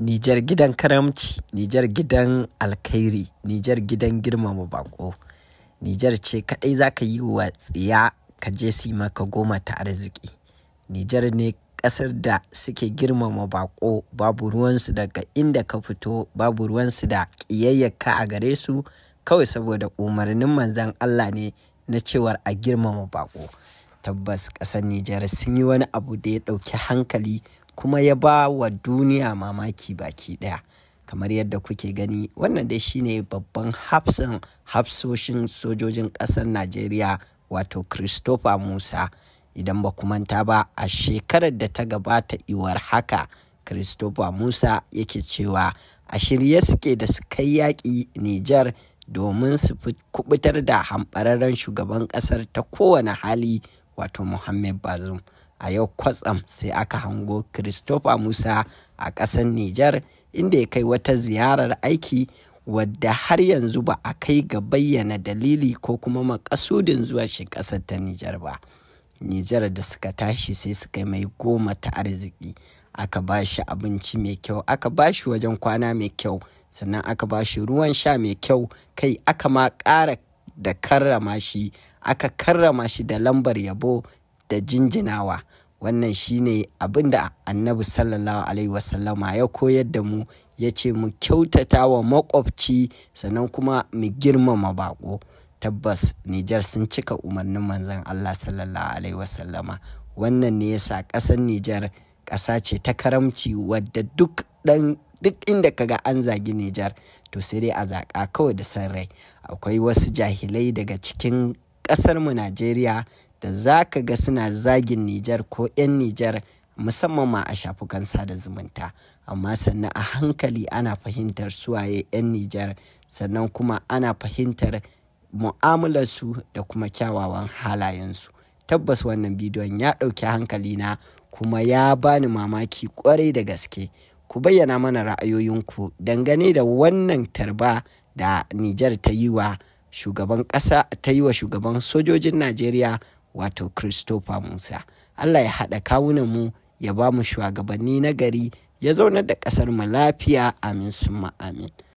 Nijar gidan karamci, Nijar gidan alkhairi, Nijar gidan girmama baƙo. Nijar ce kaɗai za ka yi wa tsiya ka je su maka goma ta arziki. Nijar ne ƙasar da suke girmama baƙo babu ruwansu daga inda ka fito babu ruwansu da ƙiyayyaka a gare su kawai saboda umarnin manzan Allah ne na cewar a girmama baƙo. Tabbas ƙasar Nijar sun yi wani abu da ya ɗauki hankali kuma ya ba wa duniya mamaki baki ɗaya kamar yadda kuke gani wannan dai shine babban hafsan hafsoshin sojojin ƙasar najeriya wato christopher musa idan ba manta ba a shekarar da ta gabata iwar haka christopher musa yake cewa a shirye suke da su kai yaƙi nijar domin su kubutar da hambararren shugaban ƙasar ta kowane hali wato muhammad bazum a yau kwatsam sai aka hango christopher musa a ƙasar nijar inda ya kai wata ziyarar aiki wadda har yanzu ba a kai ga bayyana dalili ko kuma makasudin zuwa shi ƙasar ta nijar ba nijar da suka tashi sai suka yi mai goma ta arziki aka ba shi abinci mai kyau aka ba shi wajen kwana mai kyau sannan aka ba shi ruwan sha mai kyau kai aka ma ƙara da karrama shi aka karrama shi da lambar yabo da jinjinawa wannan shine abin da annabi sallallahu alaihi wasallama ya koyar da mu ya ce mu kyautata wa makwabci sannan kuma mu girmama baƙo tabbas nijar sun cika umarnin manzan allah sallallahu alaihi wasallama wannan ne yasa ƙasar nijar ƙasa ce ta karamci wadda duk ɗan duk inda kaga an zagi nijar to sai dai a zaƙa kawai da san rai akwai wasu jahilai daga cikin ƙasarmu najeriya da za ka ga suna zagin Nijar ko 'yan Nijar musamman ma a shafukan sada zumunta amma sannan a hankali ana fahimtar suwaye 'yan Nijar sannan kuma ana fahimtar mu'amalarsu da kuma kyawawan halayensu tabbas wannan bidiyon ya ɗauki hankali na, kuma ya bani mamaki ƙwarai da gaske ku bayyana mana ra'ayoyinku dangane da wannan tarba da Nijar ta ƙasa ta yi wa shugaban sojojin Najeriya wato Christopher Musa. Allah ya haɗa kawunan mu ya ba mu shugabanni nagari ya zaunar da ƙasar mu lafiya amin summa amin.